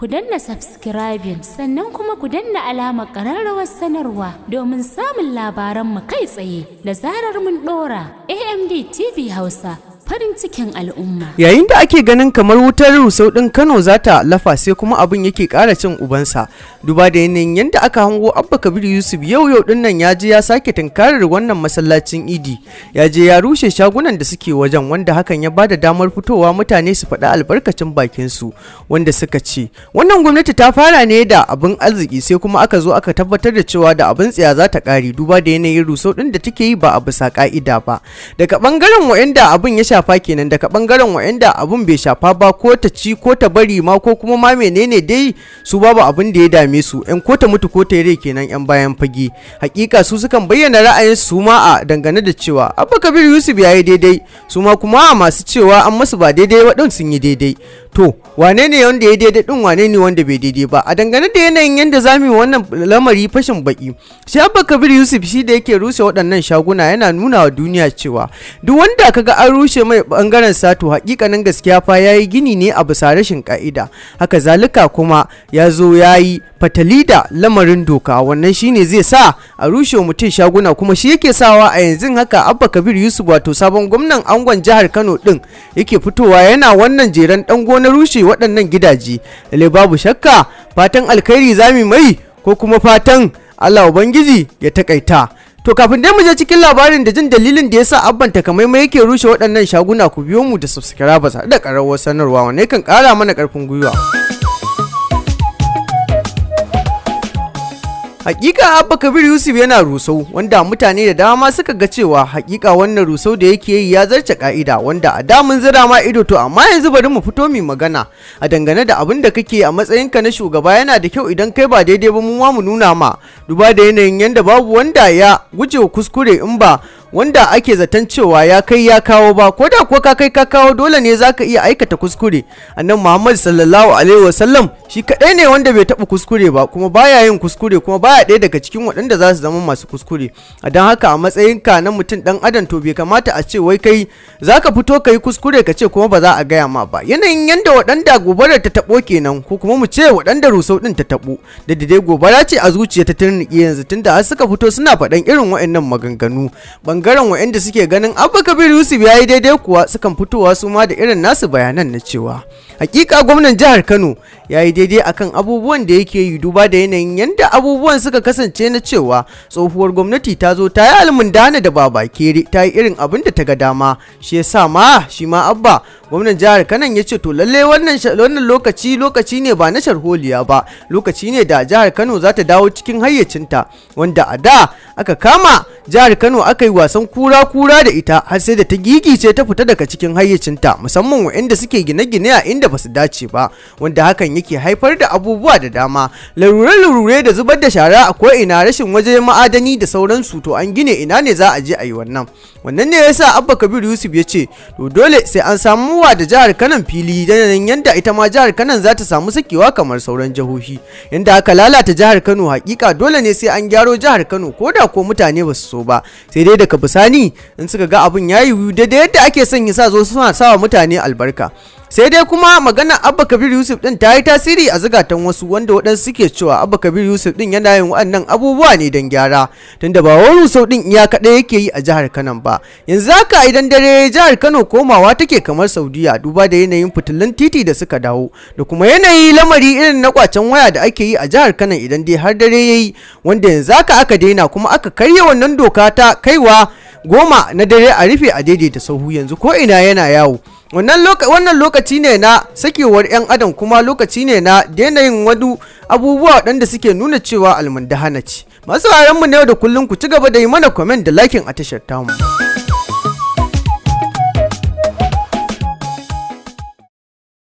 ku danna subscribing sannan kuma ku danna alamar ƙararrawar sanarwa domin samun labaranmu kai tsaye da zarar mun ɗora amd tv hausa farin cikin al'umma. Yayin da ake ganin kamar wutar rusau ɗin Kano za ta lafa sai kuma abin yake ƙara cin ubansa. Duba da yanayin yadda aka hango Abba Kabir Yusuf yau yau ɗin nan ya je ya sake tunkarar wannan masallacin Idi. Ya je ya rushe shagunan da suke wajen wanda hakan ya bada damar fitowa mutane su faɗa albarkacin bakinsu su wanda suka ce wannan gwamnati ta fara ne da abin arziki sai kuma aka zo aka tabbatar da cewa da abin tsaya za ta ƙare duba da yanayin rusau ɗin da take yi ba a bisa ƙa'ida ba. Daga ɓangaren waɗanda abin ya shafa kenan daga bangaren wa'anda abun bai shafa ba ko ta ci ko ta bari ma ko kuma ma menene dai su babu abin da ya dame su yan ko ta mutu ko ta rai kenan yan bayan fage hakika su sukan bayyana ra'ayin su ma a dangane da cewa abba kabir yusuf ya yi daidai su ma kuma masu cewa an masu ba daidai waɗansu sun yi daidai to wane ne wanda ya daidai din wane ne wanda bai daidai ba a dangane da yanayin yadda za mu yi wannan lamari fashin baki shi abba kabir yusuf shi da yake rushe waɗannan shaguna yana nuna wa duniya cewa duk wanda ga an rushe mai bangaren sato hakikanin gaskiya fa yayi gini ne a bisa rashin ka'ida haka zalika kuma ya zo yayi fatali da lamarin doka wannan shine zai sa a rushe mutum shaguna kuma shi yake sawa a yanzu haka abba kabir yusuf wato sabon gwamnan angon jihar kano din yake fitowa yana wannan jeren dan gona rushe waɗannan gidaje lalle babu shakka fatan alkhairi zami mai ko kuma fatan allah ubangiji ya takaita To kafin dai mu je cikin labarin da jin dalilin da yasa abban takamaimai yake rushe waɗannan shaguna ku biyo mu da subscribers da karawar sanarwa wanda kan ƙara mana karfin gwiwa. Hakika Abba Kabir Yusuf yana rusau wanda mutane da dama suka ga cewa hakika wannan rusau da yake yi ya zarce ka'ida wanda a mun zira ma ido to amma yanzu bari mu fito mai magana a dangane da abin da kake a matsayinka na shugaba yana da kyau idan kai ba daidai ba mu ma mu nuna ma duba da yanayin yanda babu wanda ya gujewa kuskure in ba wanda ake zaton cewa ya kai ya kawo ba ko da kuwa ka kai ka kawo dole ne za ka iya aikata kuskure annan muhammad sallallahu alaihi wasallam shi kaɗai ne wanda bai taɓa kuskure ba kuma baya yin kuskure kuma baya ɗaya daga cikin waɗanda za su zama masu kuskure a don haka a matsayinka na mutum ɗan adam to bai kamata a ce wai kai za ka fito ka yi kuskure ka ce kuma ba za a gaya ma ba yanayin yanda waɗanda gobara ta taɓo kenan ko kuma mu ce waɗanda rusau ɗin ta taɓo da dai gobara ce a zuciya ta turniki yanzu tunda har suka fito suna faɗan irin waɗannan maganganu bangaren inda suke ganin abba kabir yusuf ya daidai kuwa sukan fitowa su ma da irin nasu bayanan na cewa hakika gwamnan jihar kano ya yi daidai akan abubuwan da yake yi duba da yanayin yadda abubuwan suka kasance na cewa tsohuwar gwamnati ta zo ta yi almundana da baba kere ta yi irin abin da ta ga dama shi yasa ma shi ma abba gwamnan jihar kano ya ce to lalle wannan wannan lokaci lokaci ne ba na sharholiya ba lokaci ne da jihar kano za ta dawo cikin hayyacinta wanda a da aka kama jihar kano aka yi wasan kura kura da ita har sai da ta gigice ta fita daga cikin hayyacinta musamman wa'anda suke gine-gine a inda ba su dace ba wanda hakan yake haifar da abubuwa da dama larure-larure da zubar da shara a ina rashin waje ma'adani da sauransu to an gine ina ne za a je a yi wannan wannan ne yasa abba kabir yusuf ya ce to dole sai an samu wa da jihar kanan fili yanayin yadda ita ma jihar kanan za ta samu sakewa kamar sauran jihohi yadda aka lalata jihar kano hakika dole ne sai an gyaro jihar kano ko da ko mutane ba su so ba sai dai daga bisani in suka ga abin ya yi daidai yadda ake son ya sa zo suna sawa mutane albarka sai dai kuma magana abba kabir yusuf din ta yi tasiri a zigatan wasu wanda waɗansu suke cewa abba kabir yusuf din yana yin waɗannan abubuwa ne don gyara tunda ba wani rusau din iya kaɗai yake yi a jihar kano ba yanzu haka idan dare jihar kano komawa take kamar saudiya duba da yanayin fitilun titi da suka dawo da kuma yanayi lamari irin na kwacen waya da ake yi a jihar kano idan dai har dare yayi wanda yanzu haka aka daina kuma aka karya wannan doka ta kaiwa goma na dare a rufe a daidaita sahu yanzu ko ina yana yawo wannan lokaci ne na sakewar 'yan adam kuma lokaci ne na daina yin wadu abubuwa waɗanda suke nuna cewa almundahana ce masu mu na yau da kullum ku ci gaba da yi mana comment da lakin a tashar tamu